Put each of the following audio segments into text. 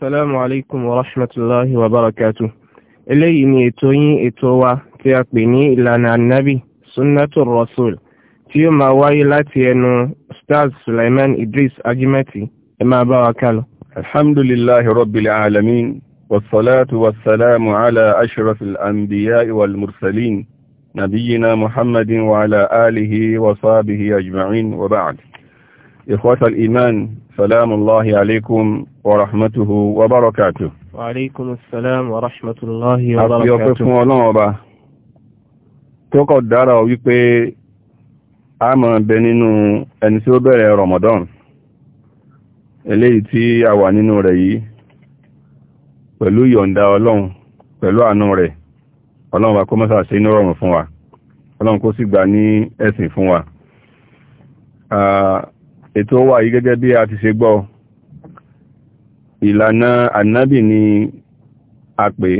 Salamu alaikum wa rahmatullahi wa barakatu. Eléyìí ni ètò yín ètò wa tí a pè ní ìlànà annabi, Sunnatul Rasul, tí ó máa wáyé láti ẹnu Stars Sulaiman Idris Ajimati, ẹ máa bá wa kálọ. Alhamdulillahi Rabbil Alamin, wassalatu wassalamu ala ashrafil anbiya wal mursalin, nabiyina Muhammadin wa ala alihi wa sahbihi ajma'in wa ba'd. Ikhwatal iman, السلام الله عليكم ورحمته وبركاته وعليكم السلام ورحمة الله وبركاته أبي أفهم الله أبا تقعد دارا ويقبي àmọ́ bẹ nínú ẹni tí ó bẹ̀rẹ̀ Ramadan eléyìí tí a wà nínú rẹ̀ yìí pẹ̀lú yọ̀ǹda ọlọ́run pẹ̀lú àánú rẹ̀ ọlọ́run wa kó mọ́sà ṣe inú rọrùn fún wa ọlọ́run kó sì gbà ní ẹ̀sìn fún wa ètò wà yí gẹ́gẹ́ bí a ti ṣe gbọ́ ìlànà annabi ni a pè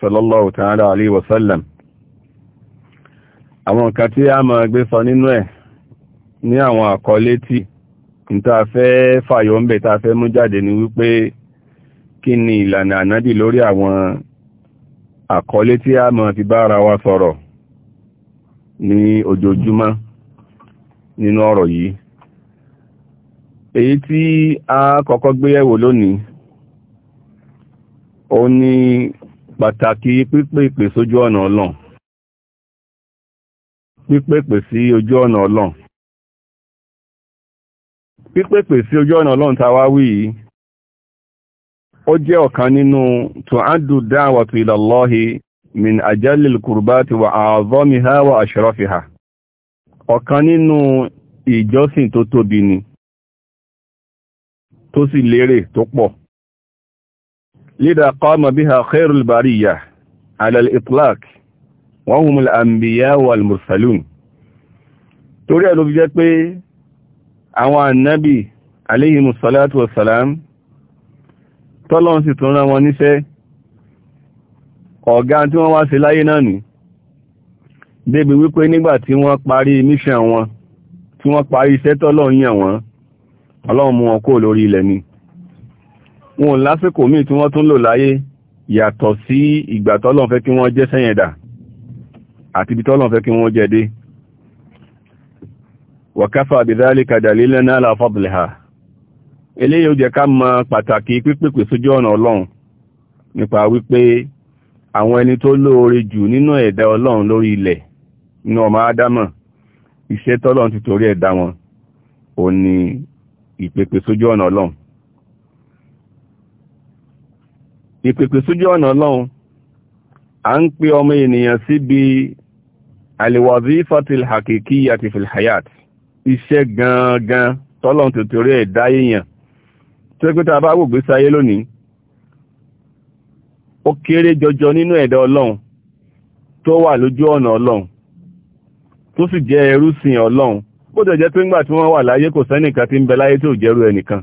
sallallahu ta'ala alayhi wa sallam àwọn nǹkan tí a máa gbé sọ nínú ẹ̀ ní àwọn àkọlé tí níta fẹ́ fàyọ̀ ń bẹ̀ ta fẹ́ mú jáde ni wípé kí ni ìlànà ànábì lórí àwọn àkọlé tí a ti bá ara wa sọ̀rọ̀ ní ojoojúmọ́ nínú ọ̀rọ̀ yìí èyí tí a kọ́kọ́ gbéyẹ̀wò lónìí o ní pàtàkì pípèpè sójú ọ̀nà ọlọ́n pípèpè sí ojú ọ̀nà ọlọ́n pípèpè sí ojú ọ̀nà ọlọ́n wá wí yìí ó jẹ́ ọ̀kan nínú tu'addu á ila Allahi min ajallil qurbati wa a'zamiha wa ashrafiha ọ̀kan nínú ni. tó sì lérè tó pọ̀ lídà qama biha khairul bariyah ala al-itlaq wa hum al-anbiya wal mursalun torí ẹ̀ ló fi jẹ́ pé àwọn ànábì aléhìmù salatu wasalam tọ́lọ́n sì tún rán wọn níṣẹ́ ọ̀gá tí wọ́n wá sí láyé náà ni débi wípé nígbà tí wọ́n parí mission wọn tí wọ́n parí iṣẹ́ tọ́lọ́n yàn wọ́n ọlọ́run mú wọn kó lórí ilẹ̀ ni wọn lásìkò míì tí wọ́n tún lò láyé yàtọ̀ sí ìgbà tọ́lọ́n fẹ́ kí wọ́n jẹ́ sẹ́yẹ̀dà àti ibi tọ́lọ́n fẹ́ kí wọ́n jẹ́ dé wàkáfà bidhalika dalilan ala fadliha eléyìí ó jẹ́ ká mọ pàtàkì pípèpè sójú ọ̀nà ọlọ́run nípa wípé àwọn ẹni tó lóore jù nínú ẹ̀dá ọlọ́run lórí ilẹ̀ nínú ọmọ ádámọ̀ iṣẹ́ tọ́lọ́run ti torí ẹ̀dá wọn ò ní ìpèpè sójú ọ̀nà ọlọ́run ìpèpè sójú ọ̀nà ọlọ́run a ń pè ọmọ ènìyàn síbi alwazifatil haqiqiyyati fil hayat iṣẹ́ gangan tọ́lọ̀ tòtòrí ẹ̀ dáyéyàn tó pé ta bá wògbé sáyé lónìí ó kéré jọjọ nínú ẹ̀dá ọlọ́run tó wà lójú ọ̀nà ọlọ́run tó sì jẹ́ ẹrúsìn ọlọ́run bó tẹ̀ jẹ́ pé ńgbà tí wọ́n wà láyé kò sẹ́nìkan tí ń bẹ láyé tí ò jẹ́rú ẹnìkan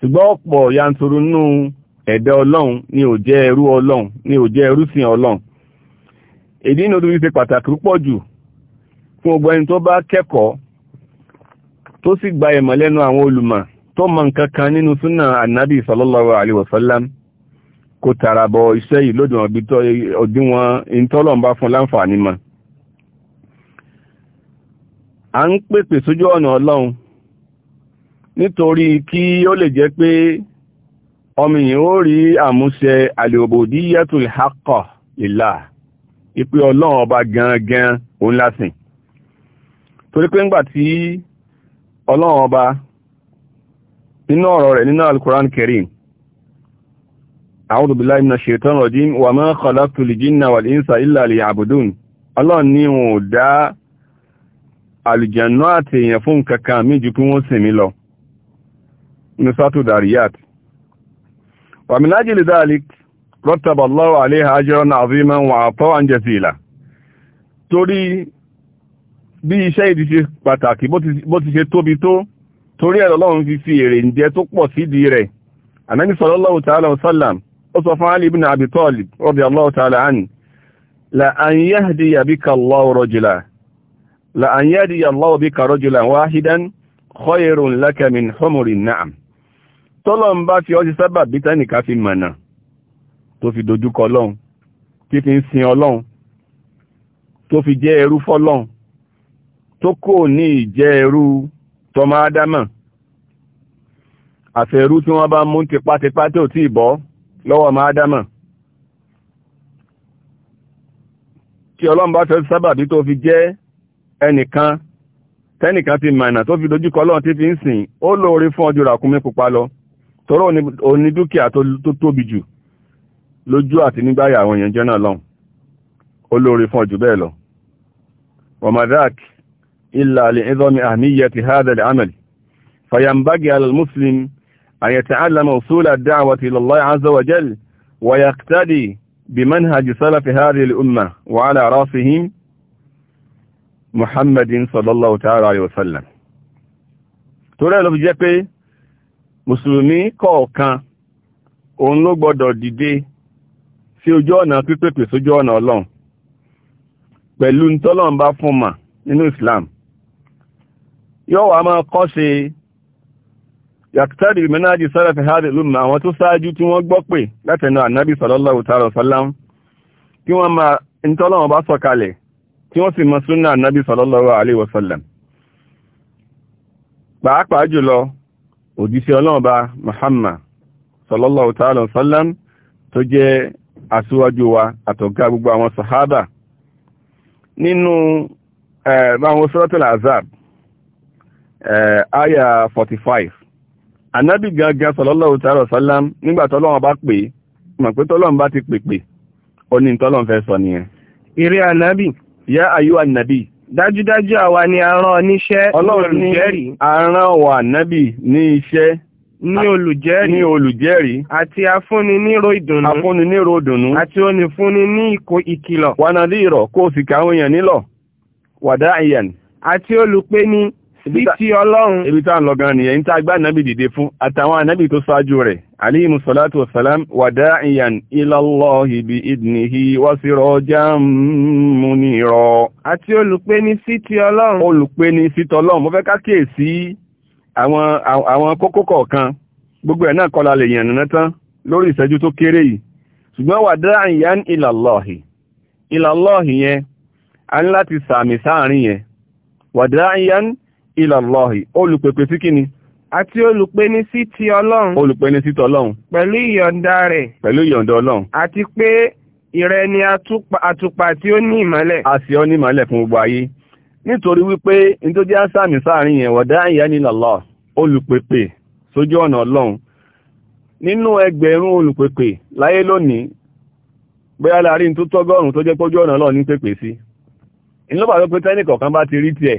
ṣùgbọ́n ọ̀pọ̀ yanturu nínú ẹ̀dẹ́ ni o jẹ́ ẹrú ọlọ́run ni ò jẹ́ ẹrúsìn ọlọ́run èdè inú fi ṣe pàtàkì púpọ̀ jù fún tó bá kẹ́kọ̀ọ́ tó sì gba ìmọ̀ lẹ́nu àwọn olùmọ̀ tó mọ nǹkan kan nínú súnà ànábì a ń pèpè sójú ọ̀nà ọlọ́run nítorí kí ó lè jẹ́ pé ọmọ yìí ó rí àmúṣẹ al-ubudiyyatul haqqa lillah ìpé ọlọ́run ọba gangan òun lásìn torí pé ńgbà tí ọlọ́run ọba nínú ọ̀rọ̀ rẹ̀ nínú al-Qur'an Karim A'udhu billahi minash shaitanir rajim wa ma khalaqtul jinna wal insa illa liya'budun ọlọ́run ní òun dá àlìjẹ̀nú àti èèyàn fún kankan méjì kí wọ́n sìn mí lọ ní sátò dariyat wa min ajli dhalik rattaba Allahu alayha ajran aziman wa ata'an jasila torí bí iṣẹ́ ìdí ṣe pàtàkì bó ti ṣe tóbi tó torí ẹ̀ lọ́lọ́run fi fi èrè ǹjẹ́ tó la an yadiya Allahu bika rajulan wahidan khayrun laka min humurin na'am tọ́lọ̀ ń bá fi ọdí sábà bí tẹ́nìká fi mọ̀nà tó fi dojúkọ ọlọ́run tí fi ń sin ọlọ́run tó fi jẹ́ ẹrú fọ́lọ́run tó kò ní ìjẹ́ ẹrú tọmọ ádámà àfẹ̀rú tí wọ́n bá mú tipátipá tó tí ìbọ́ lọ́wọ́ ọmọ ádámà tí ọlọ́run bá fi ọdí sábà bí tó fi jẹ́ ẹnìkan tẹ́nìkan ti mọ̀nà tó fi dojúkọ ọlọ́run tí fi ń sìn ó lóore fún ọjọ́ ràkúnmí pupa lọ tọ́rọ òní dúkìá tó tóbi jù lójú àti nígbàyà àwọn èèyàn jẹ́ lọ́n ó lóore fún ọjọ́ bẹ́ẹ̀ lọ wamadak illa li idhami ahmiyati hadha al-amal fayambagi ala al-muslim an yata'allama usul ad-da'wati ila Allah azza wa umma wa ala rasihim muhammadin sallallahu ta'ala alayhi wa sallam torí ẹ̀ ló fi jẹ́ pé mùsùlùmí kọ̀ọ̀kan òun ló gbọ́dọ̀ dìde sí ojú ọ̀nà pípèpè sójú ọ̀nà ọlọ́run pẹ̀lú ntọ́lọ́run bá fún mà nínú islam yóò wá máa kọ́ ṣe yàtàrí mẹ́nájì sọ́rọ̀ fi hádì lùmọ̀ àwọn tó sáájú tí wọ́n gbọ́ látẹ̀nà ànábì sallallahu ta'ala sallam kí wọ́n máa ntọ́lọ́run bá sọ̀kalẹ̀ tí wọ́n sì mọ súnà nábì sallallahu alaihi wasallam pàápàá jùlọ òjíṣẹ́ ọlọ́ọ̀bá Muhammad sallallahu ta'ala wasallam tó jẹ́ aṣíwájú wa àtọ̀gá gbogbo àwọn sàhábà nínú báwọn suratul azab aya 45 anábì gangan sallallahu ta'ala wasallam nígbà bá pè mọ̀ pé tọ́lọ́wọ́n bá ti pèpè ó ní tọ́lọ́wọ́n fẹ́ sọ nìyẹn ìrẹ́ yá ayú ànàbí dájúdájú àwa ni a rán níṣẹ́ ọlọ́run jẹ́rìí a rán wa ànàbí ní iṣẹ́ ní olùjẹ́rìí ní olùjẹ́rìí àti afúnni níro ìdùnnú afúnni níro ìdùnnú àti onífúnni ní ìkó ìkìlọ̀ wànàdí ìrọ̀ kó o sì káwọn èèyàn nílọ̀ wàdá àyàn àti olùpeni Ibi ti ọlọ́run ibi tá ń lọ gan nìyẹn tá gbá nábì dìde fún àtàwọn anábì tó ṣáájú rẹ̀ alayhimu salatu wassalam wa da'iyan ila Allahi rọ idnihi wa sirajan munira àti sí ti ọlọ́run olùpeni sí tọlọ́run mo fẹ́ ká kíyèsí àwọn àwọn kókó kọ̀ọ̀kan gbogbo ẹ̀ náà kọlà lè yàn nínú tán lórí ìṣẹ́jú tó kéré yìí ṣùgbọ́n wa da'iyan ila Allahi a ní láti sàmì ìlàlọ́hì olùpẹ̀pẹ̀ sí kíni àti ní sí ti ọlọ́run ní sí ti ọlọ́run pẹ̀lú ìyọ̀ǹda rẹ̀ pẹ̀lú ọlọ́run àti pé ìrẹ ni àtùpà tí ó ní ìmọ́lẹ̀ a sì ní fún gbogbo ayé nítorí wípé nítorí sáàrin yẹn wọ̀dá ìyá ní lọ́lọ́ sójú ọ̀nà ọlọ́run nínú ẹgbẹ̀rún láyé lónìí bóyá láàrin tó tọ́gọ́rùn tó jẹ́ pójú ọ̀nà ọlọ́run ní sí ìlú bàbá pé bá ti rí tiẹ̀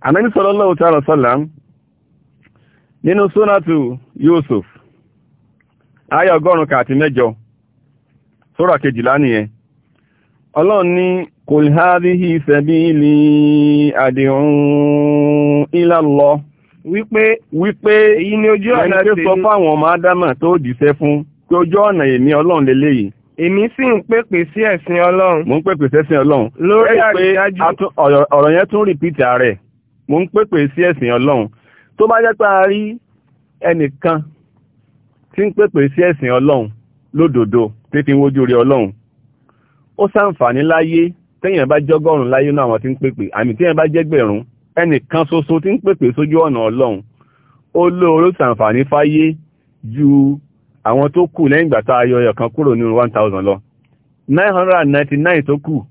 Ànábì sallallahu ta'ala sallam nínú súnátù Yusuf ayé ọgọ́rùn-ún kàti mẹ́jọ sura kejìlá nìyẹn ọlọ́run ní kul hadhihi sabili ad'u ila Allah wípé wípé ni ojú ọ̀nà tèmi ẹni tó sọ ọmọ tó dìṣẹ́ fún pé ojú ọ̀nà èmi sì ọ̀rọ̀ yẹn mo ń pèpè sí ẹ̀sìn ọlọ́run tó bá jẹ́ pé a rí ẹnìkan tí ń pèpè sí ẹ̀sìn ọlọ́run lódodo tí fi ń wojú rí ọlọ́run ó ṣàǹfààní láyé téèyàn bá jọ́gọ́rùn láyé náà àwọn tí ń pèpè àmì téèyàn bá jẹ́gbẹ̀rún ẹnìkan ṣoṣo tí ń pèpè sójú ọ̀nà ọlọ́run ó lóore ṣàǹfààní fáyé ju àwọn tó kù lẹ́yìn ìgbà tá a yọ ọ̀kan kúrò ní one thousand lọ nine hundred and ninety nine tó kù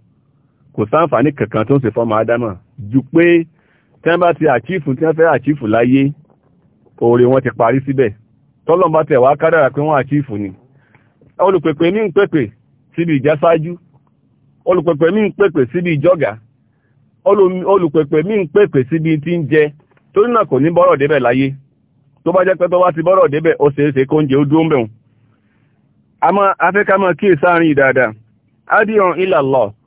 kò ṣàǹfààní kankan tó ń ṣe fọ́mọ ádámà ju pé tí bá ti àkífù tí wọ́n fẹ́ àkífù láyé oore wọn ti parí síbẹ̀ tọ́lọ́n bá tẹ̀ kádàrà pé wọ́n àkífù ni olùpẹ̀pẹ̀ ní ń pèpè síbi ìjásájú olùpèpè ní ń pèpè síbi ìjọ́gà olùpèpè ní ń pèpè síbi tí ń jẹ torí náà kò ní bọ́rọ̀ débẹ̀ láyé tó bá jẹ́ pé tó bá ti bọ́rọ̀ débẹ̀ ó ṣeéṣe kó ń jẹ ó dúró ń bẹ̀rùn àmọ́ afẹ́ká ìdáadáa adìyàn ilà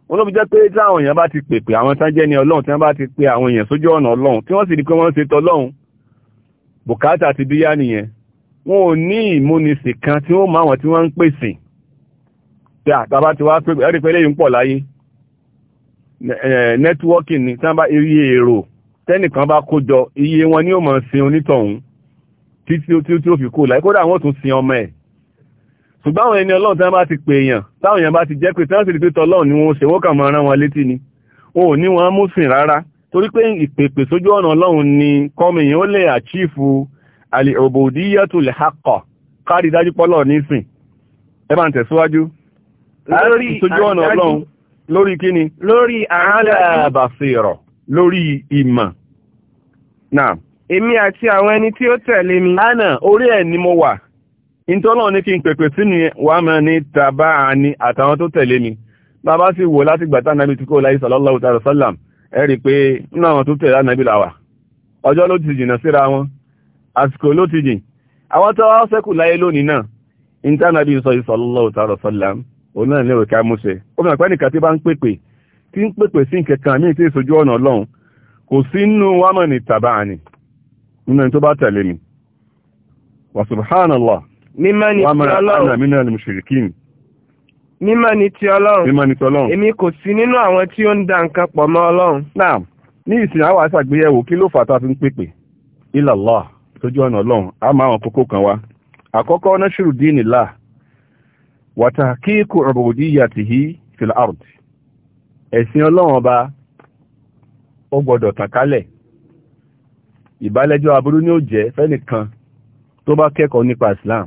wọ́n ló fi jẹ́ pé tí àwọn èèyàn bá ti pèpè àwọn tán jẹ́ ní ọlọ́run tí wọ́n bá ti pe àwọn èèyàn sójú ọ̀nà ọlọ́run tí wọ́n sì rí pé wọ́n ṣe tọlọ́run bùkátà ti bíyá nìyẹn wọn ò ní ìmúnisìn kan tí wọ́n máa wọn tí wọ́n ń pèsè pé àtàbá ti wá pèpè ẹ̀rí pé lẹ́yìn pọ̀ láyé nẹ́tíwọ́kìn ni tí wọ́n bá iye èrò tẹ́nìkan bá kójọ iye wọn ni ó máa sin onítọ̀hún títí tí ó fi kó láyé kódà wọ́n tún sin ọmọ ẹ̀ ṣùgbọ́n àwọn ẹni ọlọ́run tán bá ti pè èèyàn táwọn èèyàn bá ti jẹ́ pé tán sì pé tọlọ́run ni wọ́n ṣe wọ́n kàn wọn létí ni wọn ò ní wọn mú sìn rárá torí pé ìpèpè sójú ọ̀nà ọlọ́run ni kọ́mi ó lè àchífù àlè lè hakọ̀ kárí dájú pọ́lọ̀ nísìn ẹ bá ń tẹ̀síwájú lórí lórí kíni lórí lórí ìmọ̀ ìtọ́lọ̀ ní kí n pẹ̀pẹ̀ sí ni wà mọ́ ní tàbá àní àtàwọn tó tẹ̀lé mi bàbá sì wò láti gbàtà nàbí tí kò láyé sàlọ́láwò tààrà sálàm ẹ̀rì pé nínú àwọn tó tẹ̀lé nàbí làwà ọjọ́ ló ti jìnà síra wọn àsìkò ló ti jìn àwọn tó wá sẹ́kù láyé lónìí náà ìta nàbí sọ ìsọlọ́láwò tààrà sálàm òun náà lérò wa subhanallah mímọ́ ni ti ọlọ́run mímọ́ ni ti ọlọ́run èmi kò sí nínú àwọn tí ó ń da nǹkan pọ̀ mọ́ ọlọ́run. náà ní ìsìn àwọn aṣàgbéyẹ̀wò kí ló fà tá a fi ń pèpè ilallah tójú ọ̀nà ọlọ́run a máa wọn kókó fil ard ẹ̀sìn ọlọ́run ọba ó gbọ́dọ̀ tàn kálẹ̀ ìbálẹ́jọ́ aburú ni ó jẹ́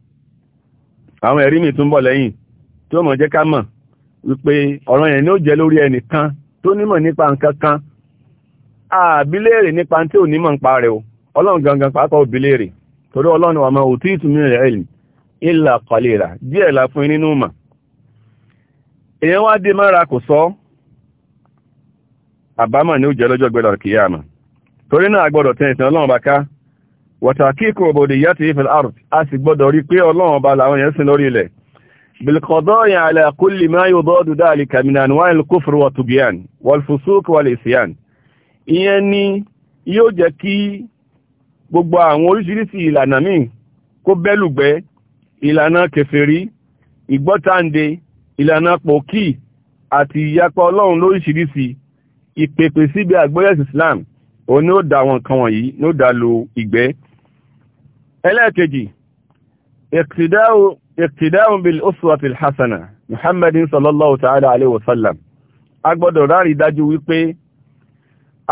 àwọn ẹ̀rí mi tún bọ̀ lẹ́yìn tí ó mọ̀ jẹ́ ká mọ̀ wípé ọ̀rọ̀ yẹn ni ó jẹ́ lórí ẹnìkan tó nímọ̀ nípa nǹkan kan nípa tí o ọlọ́run gangan pàápàá torí ọlọ́run ìtumí rẹ̀ ẹ̀lì ìlà díẹ̀ fún èèyàn wá dé mára ni ó jẹ́ lọ́jọ́ kìí torí náà gbọ́dọ̀ wàtàkíkò òbòdìyàtì ìfìl ard a sì gbọ́dọ̀ rí pé ọlọ́run ọba làwọn yẹn sin lórí ilẹ̀ bilkọ̀dọ́yìn alákùnlé máa yóò bọ́ọ̀dù dáàlì kàmínàn wáyé kófòrò wàtùbíyàn wọlfùsúk wàlẹ̀síyàn ìyẹn ni yóò jẹ́ kí gbogbo àwọn oríṣiríṣi ìlànà míì kó bẹ́lùgbẹ́ ìlànà kẹfẹ́rí ìgbọ́tàǹde ìlànà pòkì àti ìyapa ọlọ́run lóríṣiríṣi ìpèpè síbi àgbọ́yẹ̀sì Islam òun ó da àwọn nǹkan wọ̀nyí ni ó da lo ìgbẹ́ ẹlẹ́ẹ̀kejì iqtida'u bil uswati al-hasana muhammadu sallallahu ta'ala alaihi wasallam a gbọ́dọ̀ rárí dájú wípé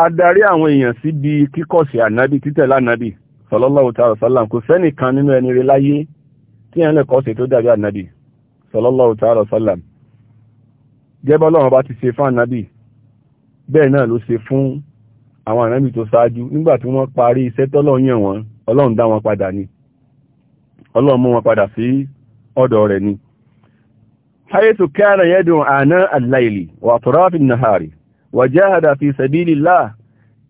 adarí àwọn èèyàn sí bí kíkọ̀sí ànábì títẹ̀lá ànábì sallallahu ta'ala sallam kò sẹ́nìkan nínú ẹni rí láyé tí ẹn lè kọ́sí tó dàbí ànábì sallallahu ta'ala sallam ti se fún ọlọ́run dá wọn padà ni ọlọ́run mú wọn padà sí ọ̀dọ̀ rẹ̀ ni haythu kana yad'u ana al-layli wa atraf an-nahari wa jahada fi sabilillah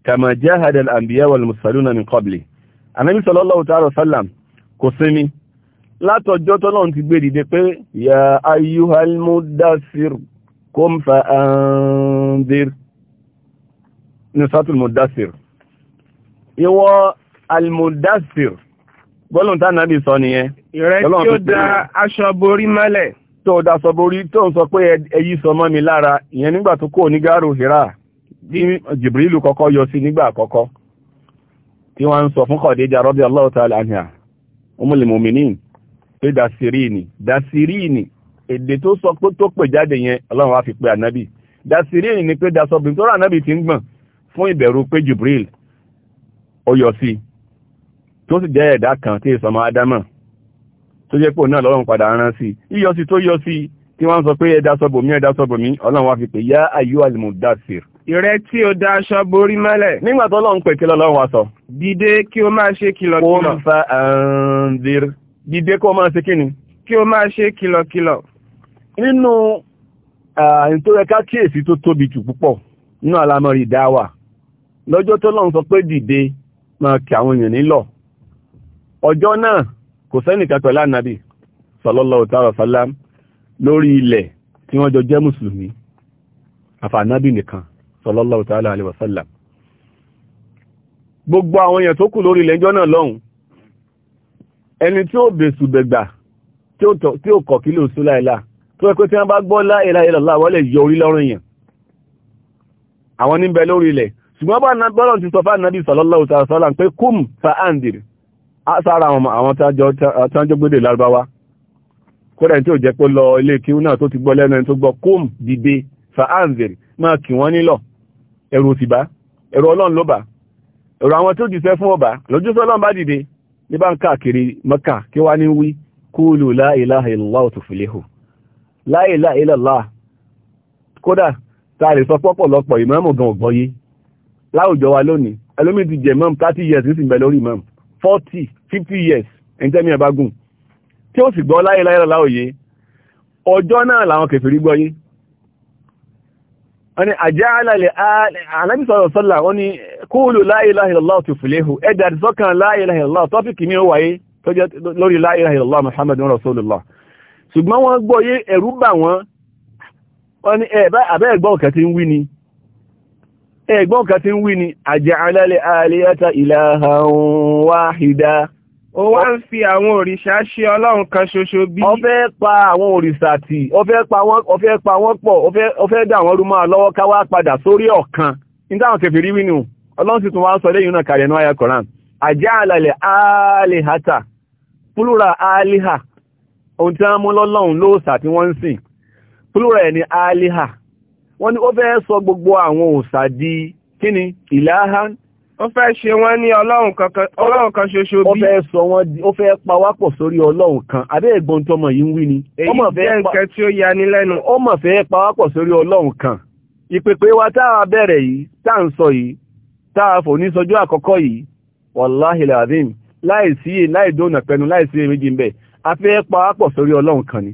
kama jahada al-anbiya wal mursaluna min qabli anabi sallallahu ta'ala sallam kò sinmi látọjọ́ almudassir gbọ́lùn tá nàbì sọ nìyẹn ìrẹ́ tí ó da aṣọ borí mọ́lẹ̀ tó da aṣọ borí tó ń sọ pé ẹyí sọ mọ́ mi lára ìyẹn nígbà tó kò ní gáàrò hìrà tí jìbìrìlù kọ́kọ́ yọ sí nígbà àkọ́kọ́ tí wọ́n ń sọ fún Khadija radiyallahu ta'ala anha mu'minin pé dasirini dasirini èdè tó sọ pé tó pè jáde yẹn ọlọ́run wá fi pé ànábì dasirini ni pé dasọbìnrin tó rà ànábì ti fún ìbẹ̀rù pé jìbìrìlù ó yọ sí tó sì jẹ́ ẹ̀dá kan tí ìsọmọ adámọ̀ tó jẹ́ pò náà lọ́rùn padà rán sí yíyọ sí tó yọ sí tí wọ́n sọ pé ẹ̀dá sọ́bòmí ẹ̀dá sọ́bòmí ọlọ́run wá fi pè yá ayú al-mudaththir ìrẹ́ tí ó dá aṣọ borí mẹ́lẹ̀. nígbà tó lọ́n pè kí lọ́lọ́run wá sọ. dìde kí o máa ṣe kìlọ̀kìlọ̀. qum fa anzir. dìde kó o máa ṣe kíni. kí o máa ṣe kìlọ̀kìlọ̀. nínú ìtòrẹ́ká kíyèsí tó tóbi jù púpọ̀ nínú àlámọ̀rí dáwà lọ́jọ́ tó lọ́n sọ pé dìde máa kí àwọn èèyàn nílọ̀ ọjọ́ náà kò sẹ́nìkan pẹ̀lú ànábì sallallahu ta'ala sallam lórí ilẹ̀ tí wọ́n jọ jẹ́ mùsùlùmí àfànábì nìkan sallallahu ta'ala alaihi wasallam gbogbo àwọn èèyàn tó kù lórí ilẹ̀ ìjọ náà lọ́hùn ẹni tí ó bèsù bẹ̀gbà tí ó kọ̀ kí ló sún láìlá tó ẹkọ́ tí wọ́n bá gbọ́ láìlá sallallahu ta'ala sallam pé kúm fa sára àwọn tánjọ́ gbédè lárúbáwá kódà tí ó jẹ́ pé lọ ilé kí náà tó ti gbọ́ lẹ́nu ẹni tó gbọ́ kóm dìde fa'anzir máa kì wọ́n nílọ̀ ẹ̀rù òsìbá ẹ̀rù ọlọ́run ló bá ẹ̀rù àwọn tó jùsẹ́ fún ọba lójúsọ́ ọlọ́run bá dìde la ilaha la ilaha illallah kódà ta lè sọ pọ́pọ̀lọpọ̀ ìmáàmù gan ògbọ́yé láwùjọ wa lónìí ẹlòmíì ti jẹ mọ́m 30 years nísìnyí lórí mọ́m Forty, fifty years ẹni tẹ́mi ẹ̀bá gùn tí ó sì gbọ́ láyé láyé láòyé ọjọ́ náà làwọn kèfèrí gbọ́ yé wọ́n ni àjẹ́ alàlẹ̀ Ànábì sallallahu wọ́n ni kúlù la ilaha illallah tuflihu ẹ̀dà àdìsọ́kàn la ilaha illallah tọ́pìkì ní ó wáyé tó jẹ́ lórí la ilaha illallah Muhammadun Rasulullah ṣùgbọ́n wọ́n gbọ́ yé ẹ̀rú bà wọ́n wọ́n ni ẹ̀bá àbẹ́ ẹgbọ́n kan tí ń wí ni aja'ala al-alihata ilahan wahida ó wá ń fi àwọn òrìṣà ṣe ọlọ́run kan ṣoṣo bí ó fẹ́ pa àwọn òrìṣà tì ó fẹ́ pa wọ́n pọ̀ ó fẹ́ dà wọ́n rú mọ́ lọ́wọ́ ká wá padà sórí ọ̀kan nítawọn tẹ̀fẹ̀ rí wínú ọlọ́run sì tún wá sọ lẹ́yìn náà kàrẹ̀ ní àyà koran aja'ala al-alihata plural aliha ohun tí wọ́n mú lọ́lọ́run lóòsà tí wọ́n ń sìn plural ẹ̀ ni aliha wọ́n ní ó fẹ́ sọ gbogbo àwọn òsà di kíni ìlàhán ó fẹ́ ṣe wọ́n ní ọlọ́run kan ṣoṣo bí ó fẹ́ sọ wọ́n di fẹ́ pa pọ̀ sórí ọlọ́run kan abẹ́ ẹ̀gbọ́n tọmọ yi ń wí ni ó mọ̀ fẹ́ nǹkan tí ọlọ́run kan ìpèpè wa tá bẹ̀rẹ̀ yìí tá yìí tá fò ní sọjọ́ àkọ́kọ́ yìí wàláhì láìsí láìsí fẹ́ sórí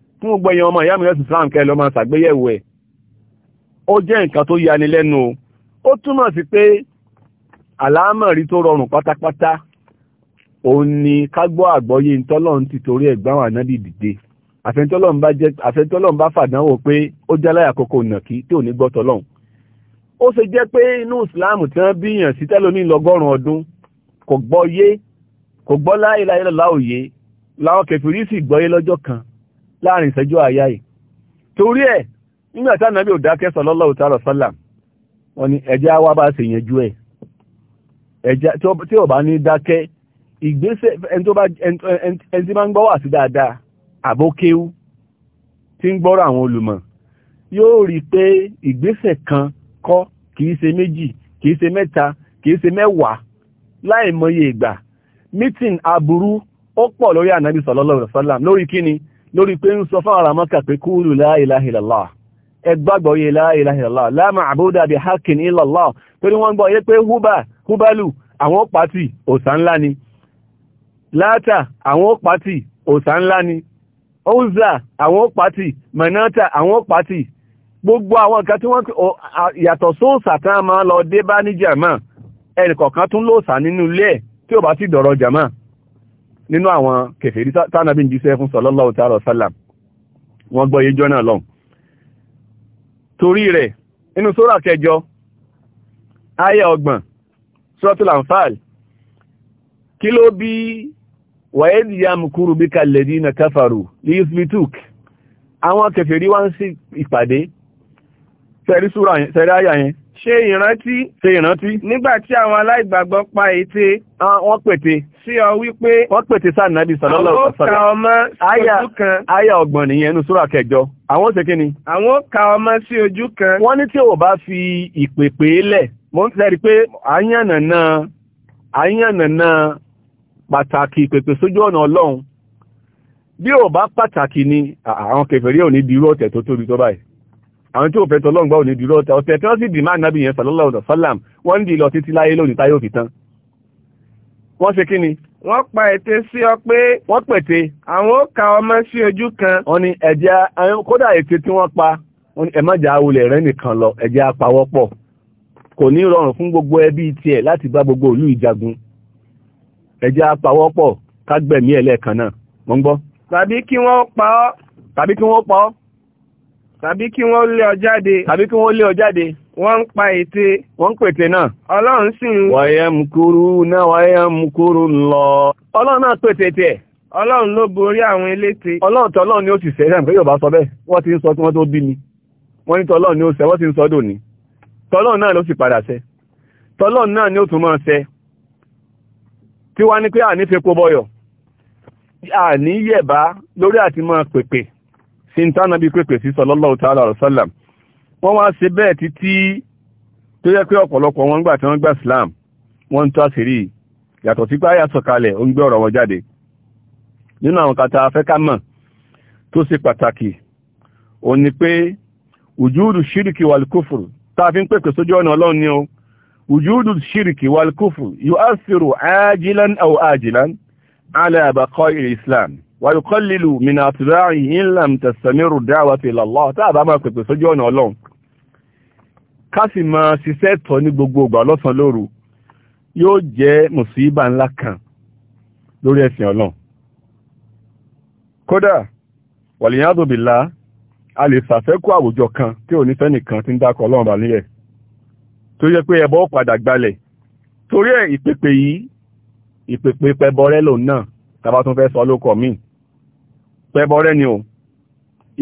fún gbogbo ẹ̀yàn ọmọ ìyá mi lẹ́sìn Islam kẹ́ lọ máa ṣàgbéyẹ̀wò ẹ̀ ó jẹ́ nǹkan tó yani lẹ́nu o ó túmọ̀ sí pé àlámọ̀rí tó rọrùn pátápátá òun ni ká gbọ́ àgbọ́yé ntọ́lọ́run ti torí ẹ̀gbọ́n àwọn ànábì dìde àfẹ́ntọ́lọ́run bá fàdánwò pé ó jáláyà kókó nàkí tí ò ní gbọ́ tọ́lọ́run ó ṣe jẹ́ pé inú ìsìláàmù tí wọ́n bíyàn sí tẹ́lómi lọ́gọ́rùn ọdún kò gbọ́ yé kò gbọ́ láìláìlá òye láwọn kẹfìrí sì gbọ́yé lọ́jọ́ kan láàrin ìṣẹ́jú àyá yìí torí ẹ̀ nígbà tí ànábì ò dákẹ́ sallallahu ta'ala sallam wọ́n ní ẹjẹ́ àwa bá ṣe yanjú ẹ̀ ẹjẹ́ tí ò bá ní dákẹ́ ìgbésẹ̀ ẹni tó bá ẹni tí máa ń gbọ́ wà sí dáadáa àbókéwú tí ń gbọ́rọ̀ àwọn olùmọ̀ yóò rí pé ìgbésẹ̀ kan kọ́ kìí ṣe méjì kìí ṣe mẹ́ta kìí ṣe mẹ́wàá láìmọye ìgbà mítìn aburú ó pọ̀ lórí ànábì sallallahu ta'ala sallam lórí kíni lórí pé ń sọ fún ara mọ́kà pé kúrò la ilaha illallah ẹgbàgbọ́ yẹ la ilaha illallah la ma'buda bi haqqin illallah torí wọ́n gbọ́ yẹ pé húbà húbálù àwọn pàtì òsà ńlá ni látà àwọn pàtì òsà ńlá ni ọ́ùzà àwọn pàtì mẹ́nátà àwọn pàtì gbogbo àwọn nǹkan tí wọ́n yàtọ̀ sóòsà tán máa lọ dé bá ní jàmá nínú àwọn kèfèrí tánàbí jíṣẹ́ fún sallallahu ta'ala sallam wọ́n gbọ́ yẹjọ́ náà lọ torí rẹ̀ inú sórà kẹjọ ayé ọgbọ̀n suratul anfal kí ló bí wàyẹ́dì ya mùkúrù bí kàlẹ̀dí na káfàrù ní isbituk àwọn kèfèrí wá ń sí ìpàdé sẹ́rí ayà yẹn ṣe ìrántí ṣe ìrántí nígbà tí àwọn aláìgbàgbọ́ pa ète wọ́n pète sí ọ wípé wọ́n pète sáà nàbì sallallahu alaihi wasallam àwọn ọmọ sí ojú kan àyà ọgbọ̀n nìyẹn nínú súrà kẹjọ àwọn ó ṣe kí ni. àwọn ka ọmọ sí ojú kan. wọ́n ní tí ò bá fi ìpè pé lẹ̀ mo ń sẹ́rí pé àyànnàna àyànnàna pàtàkì ìpèpè sójú ọ̀nà ọlọ́run bí ò bá pàtàkì ni àwọn kèfèrí ò ní dirú ọ̀tẹ̀ tó tóbi tó báyìí àwọn tí ò fẹ́ tọ́lọ́ gbọ́ òní dúró ọ̀tẹ̀ ọ̀tẹ̀ tí wọ́n sì dìmá nábì yẹn sallallahu alaihi wasallam wọ́n ń dì lọ títí láyé lónìí táyé òfin tán wọ́n ṣe kí ni. wọ́n pa ète sí ọ pé. wọ́n pète. àwọn ó ka ọmọ sí ojú kan. wọ́n ní ẹ̀jẹ̀ kódà ète tí wọ́n pa wọ́n ní ẹ̀mọ́jà olè rẹ̀ nìkan lọ ẹ̀jẹ̀ apawọ́pọ̀ kò ní rọrùn fún gbogbo ẹbí tiẹ̀ láti bá gbogbo ìlú ìjagun ẹ̀jẹ̀ apawọ́pọ̀ kágbẹ̀mí ẹlẹ́ẹ̀kan náà mọ́ ń gbọ́. tàbí kí wọ́n pa ọ́. tàbí kí wọ́n pa ọ́ tàbí kí wọ́n lé ọ jáde tàbí kí wọ́n lé ọ jáde wọ́n ń pa ète wọ́n ń pète náà ọlọ́run sì ń wàyẹ̀ mukuru náà wàyẹ̀ mukuru lọ ọlọ́run náà pète tiẹ̀ ọlọ́run ló borí àwọn eléte ọlọ́run tọ́lọ́run ni ó sì sẹ́ ẹ̀rẹ́ pé yorùbá sọ bẹ́ẹ̀ wọ́n ti ń sọ tí wọ́n tó bí ni wọ́n ní tọ́lọ́run ni ó sẹ́ wọ́n ti ń sọ dòní tọ́lọ́run náà ló sì ní pé sí ń tánà bí pèpè sí sallallahu ta'ala alaihi wasallam wọ́n wá ṣe bẹ́ẹ̀ títí tó yẹ pé ọ̀pọ̀lọpọ̀ wọn gbà tí wọ́n gbà Islam wọ́n ń tó àṣírí yàtọ̀ sí páyà sọ̀kalẹ̀ ó ń gbé ọ̀rọ̀ wọn jáde nínú àwọn kata afẹ́ká mọ̀ tó ṣe pàtàkì ò ní pé ujúdù ṣírìkì wàlúkúfùrù tá a fi ń pèpè sójú ọ̀nà ọlọ́run ni o ujúdù ṣírìkì wàlúkúfùrù yóò á sírò ájílán àwọn ájílán ala baqa'i islam wàyùkọ́lìlù mìnà àtìbáyì ìlàm tẹ̀sẹ̀mírù dáwà ti lọ́lọ́ tá àbá máa pèpè sójú ọ̀nà ọlọ́run ká sì máa ṣiṣẹ́ tọ́ ní gbogbo ìgbà lọ́sàn lóru yóò jẹ́ mùsíbà ńlá kan lórí ẹ̀sìn ọlọ́run kódà wàlìyàdòbìlá a lè ṣàfẹ́kù àwùjọ kan tí ò ní fẹ́nìkan tí ń dákọ̀ ọlọ́run bá nílẹ̀ tó yẹ pé ẹbọ padà gbalẹ̀ torí ẹ̀ ìpèpè yìí ìpèpè pẹbọrẹ́ lòun náà tàbá sọ lókọ̀ míì pẹ̀bọ̀ rẹ ni o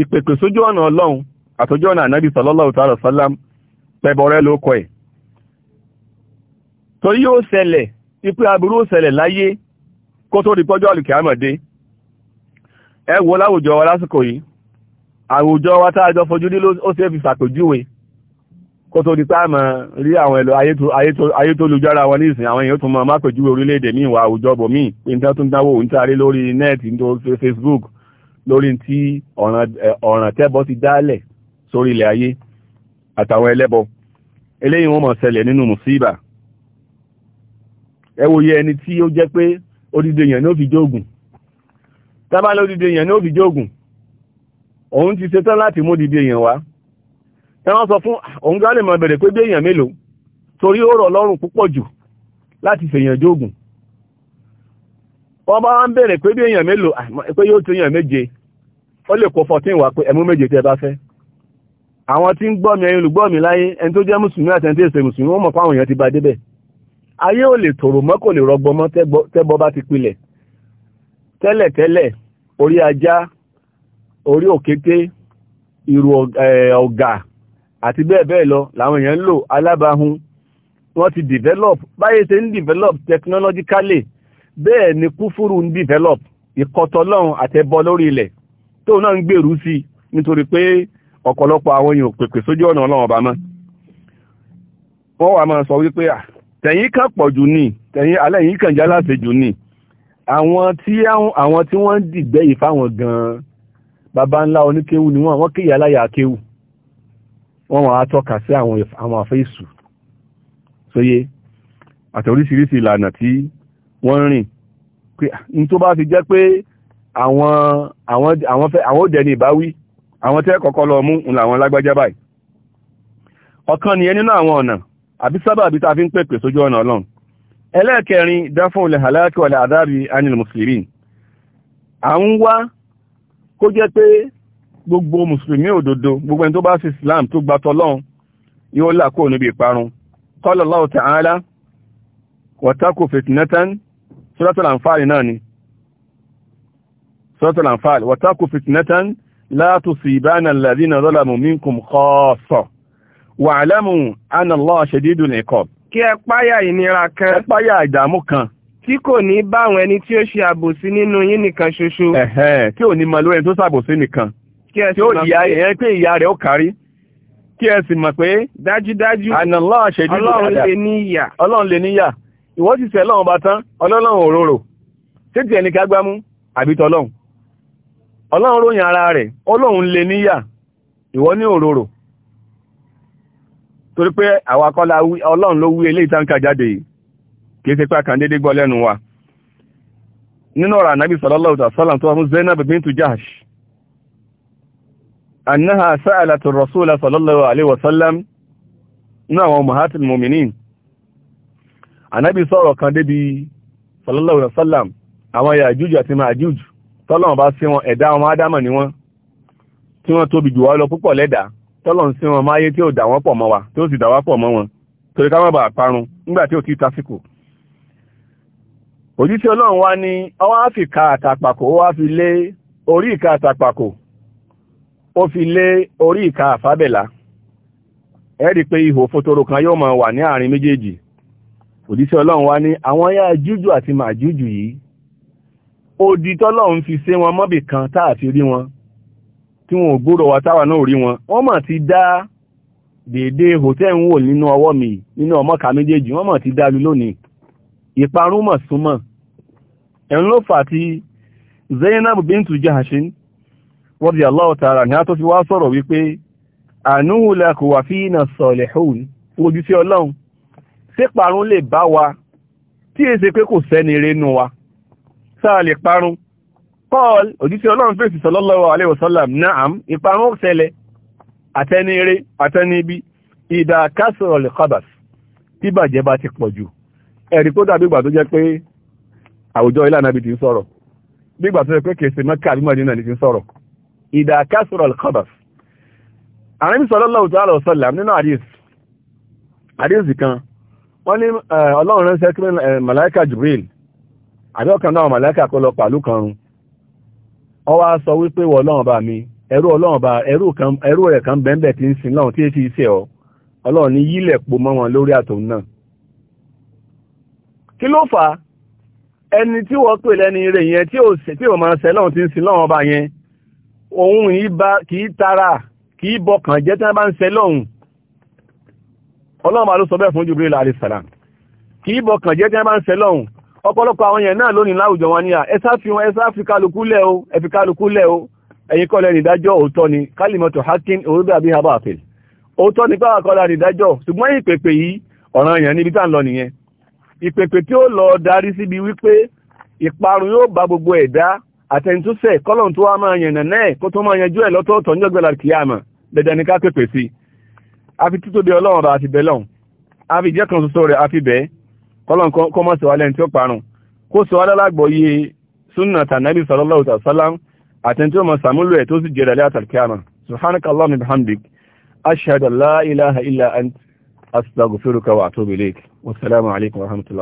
ìpèpè sójú ọ̀nà ọlọ́run àtòjú ọ̀nà ànábì sallallahu ta'ala sallam pẹ̀bọ̀ rẹ ló kọ ẹ̀ tó yóò ṣẹlẹ̀ ipé aburú ṣẹlẹ̀ láyé kó tó di pọ́jọ́ àlùkẹ́ àmọ̀dé ẹ wo láwùjọ wa lásìkò yìí àwùjọ wa tá a jọ fojú ní ó ṣe fi ṣàpèjúwe kó tó di pé àmọ́ rí àwọn ẹ̀lò ayé tó lujára wọn nísìn àwọn èèyàn tún mọ mápèjúwe orílẹ̀-èdè míì wà àwùjọ bòmíì pé nǹkan tún dáwọ́ òun tàrí lórí nẹ́ẹ̀tì ní Facebook lórí tí eh, ọ̀ràn tẹ́bọ ti dálẹ̀ sórí ilẹ̀ ayé àtàwọn ẹlẹ́bọ eléyìí wọ́n mọ̀ ṣẹlẹ̀ nínú mùsíbà ẹ wòye ẹni tí ó jẹ́ pé odidi èèyàn ní ó fi jóògùn tábà lódidi èèyàn ní ó fi jóògùn òun ti ṣetán láti mú didi èèyàn wá ẹwọ́n sọ fún òun gá lè mọ̀ bẹ̀rẹ̀ pé bí èèyàn mélòó torí ó rọ̀ lọ́rùn púpọ̀ jù láti fèèyàn jóògùn wọ́n bá wá ń bẹ̀rẹ̀ pé bí èèyàn mélòó pé yóò tó èèyàn méje ó lè kó 14 wá pé ẹmú méje tẹ́ bá fẹ́ àwọn tí ń gbọ́ mi ẹ̀yin olùgbọ́ mi láyé ẹni tó jẹ́ mùsùlùmí àti ẹni tó ṣe mùsùlùmí wọ́n mọ̀ pé àwọn èèyàn ti bá débẹ̀ ayé ò lè tòrò mọ́ kò lè rọgbọ mọ́ tẹ́bọ bá ti pilẹ̀ tẹ́lẹ̀tẹ́lẹ̀ orí ajá orí òkété ìrù ọ̀gà àti bẹ́ẹ̀ bẹ́ẹ̀ lọ làwọn èèyàn ń lò alábàáhùn wọ́n ti develop báyé ṣe ń develop technologically bẹ́ẹ̀ ni kúfúrú ń develop ìkọtọlọ́run àtẹbọ lórí ilẹ̀ tóun náà ń gbèrú sí nítorí pé ọ̀pọ̀lọpọ̀ àwọn èèyàn pèpè sójú ọ̀nà ọlọ́run ọba mọ́ wọ́n wà máa sọ wípé à tẹ̀yìn kan pọ̀ jù ní tẹ̀yìn alẹ́yìn kan já láti jù ní àwọn tí àwọn tí wọ́n ń dìgbẹ́ yìí fáwọn gan-an baba ńlá oníkéwu ni wọ́n wọ́n kéyà láyà kéwu wọ́n wọ́n á tọ́ka sí àwọn àfẹ́sù sóyé àtẹ̀oríṣiríṣi ìlànà tí wọ́n rìn pé ní tó bá fi jẹ́ pé àwọn àwọn àwọn àwọn òdẹ ní ìbáwí àwọn tẹ́ kọ́kọ́ lọ mú ńlá àwọn lágbájá báyìí ọ̀kan nìyẹn nínú àwọn ọ̀nà àbí sábàbí tá fi ń pèpè sójú ọ̀nà ọlọ́run ẹlẹ́ẹ̀kẹrin dáfún ilẹ̀ halaki wàlẹ̀ àdábì anil muslimin a ń wá kó jẹ́ pé gbogbo mùsùlùmí òdodo gbogbo ẹni tó bá sí islam tó gba tọlọ́run yóò là kó níbi ìparun qala Allahu ta'ala wa taqu fitnatan suratul anfal náà ni suratul anfal wataku fitnatan la tusibanna alladhina zalamu minkum khassa wa'lamu anna allaha shadidul iqab kí ẹ páyà ìnira kan ẹ páyà ìdààmú kan tí kò ní báwọn ẹni tí ó ṣe àbòsí nínú yín nìkan ṣoṣo ẹ̀hẹ́ tí ò ní mọ lórí ẹni tó ṣàbòsí nìkan kí ẹ sì mọ̀ pé ìyá rẹ̀ ó kárí kí ẹ sì mọ̀ pé dájúdájú ọlọ́run lè ní ìyà ọlọ́run lè ní ìyà ìwọ ti ṣẹ̀ lọ́run bá tán ọlọ́run òróró tètè ẹnì kágbámú àbítọ́lọ́run ọlọ́run ròyìn ara rẹ̀ ọlọ́run lè níyà ìwọ ní òróró torí pé àwa kọ́ la ọlọ́run ló wí eléyìí táǹkà jáde yìí kìí ṣe pé a kàn dédé gbọ́ lẹ́nu wa nínú ọ̀rọ̀ ànábì sallallahu alaihi wasallam tó wà fún Zainab bintu Jahsh annaha sa'alat ar-rasul tọ́lọ́run bá sí wọn ẹ̀dá ọmọ ádámọ̀ ni wọ́n tí wọ́n tóbi jù wá lọ púpọ̀ lẹ́dà sí wọn máyé tí ó dà wọ́n pọ̀ mọ́ wa tí ó sì dà wá pọ̀ mọ́ wọn torí parun nígbà tí ò tí tásìkò òjíṣẹ́ ọlọ́run wá ka àtàpàkò ó wá fi lé orí ìka àtàpàkò ó fi lé orí ìka àfábẹ̀là ẹ fotoro kan yóò máa wà ní àárín méjèèjì ọlọ́run wá ní àwọn yá jújù àti odi tọ́lọ́run fi sé wọn mọ́bì kan táà ti rí wọn tí wọn ò gbúrò wa táwa náà rí wọn wọ́n mọ̀ ti dá dèédé hòtẹ́ẹ̀ ń wò nínú ọwọ́ mi nínú ọmọka méjèèjì wọ́n mọ̀ ti dá lu lónìí ìparun mọ̀ súnmọ́ ẹ̀rùn ló fà ti Zainab bintu Jahashin radiyallahu ta'ala ní a tó fi wá sọ̀rọ̀ wípé ànúhùlẹ̀kù wà fi iná salihun ojú sí sáà lè parun paul òjíṣẹ́ ọlọ́run fèsì sallallahu alaihi wasallam na'am ìparun ó ṣẹlẹ̀ àtẹni eré àtẹni ibi ìdá kásọ̀ al-khabas tí bàjẹ́ bá ti pọ̀ jù ẹ̀rí kó dàbí ìgbà tó jẹ́ pé àwùjọ ilé ànábì ti ń sọ̀rọ̀ bí ìgbà tó wọ́n ní ọlọ́run ránṣẹ́ kí eh, màláíkà Jibril àbí ọ̀kan náà màláíkà kó lọ pàlú kan run ó wá sọ wípé wọ ọlọ́run bá mi ẹrú ọlọ́run bá ẹrú rẹ̀ kan bẹ́ẹ̀bẹ̀ tí ń sin lọ́run tí èsì iṣẹ́ ọ ọlọ́run ní yílẹ̀ po mọ́ wọn lórí àtòun náà kí ló fà á ẹni tí wọ́n pè lẹ́ni rẹ̀ yẹn tí ò tí ò máa ṣẹ lọ́run tí ń sin lọ́run ọba yẹn òun kì í tara kì í bọkàn jẹ́ tí wọ́n bá ń ṣẹ lọ́run ọlọ́run bá ló sọ bẹ́ẹ̀ fún Jibril alayhi salam kì í bọkàn jẹ́ tí wọ́n bá ń ṣẹ lọ́run ọ̀pọ̀lọpọ̀ àwọn èèyàn náà lónìí láwùjọ wọn ní à ẹsá fi wọn ẹsá fi kálukú lẹ̀ o ẹfi kálukú lẹ̀ o ẹ̀yin kọ́lẹ̀ nìdájọ́ òótọ́ ni kálímọ̀tò hakin orúdà bí haba àfẹ́ òótọ́ ni pàwà kọ́lá nìdájọ́ ṣùgbọ́n ìpèpè yìí ọ̀ràn èèyàn níbi tá ń lọ nìyẹn ìpèpè tí ó lọ darí síbi wípé ìparun yóò bá gbogbo ẹ̀dá àtẹnitúsẹ̀ kọ́lọ̀n tó wá máa yànnà náà kó tó máa kọ́lọ̀n kọ́ mọ́ síwá lẹ́ni tí ó parun kó síwá lálágbọ̀yé súnà tànàbí sallallahu alaihi wasallam àti tí ó mọ̀ sàmúlò ẹ̀ tó sì jẹ́ ìdàlẹ́ àtàlkíyàmà subhanakallahumma bihamdik ashhadu an la ilaha illa ant astaghfiruka wa atubu ilaik wassalamu alaikum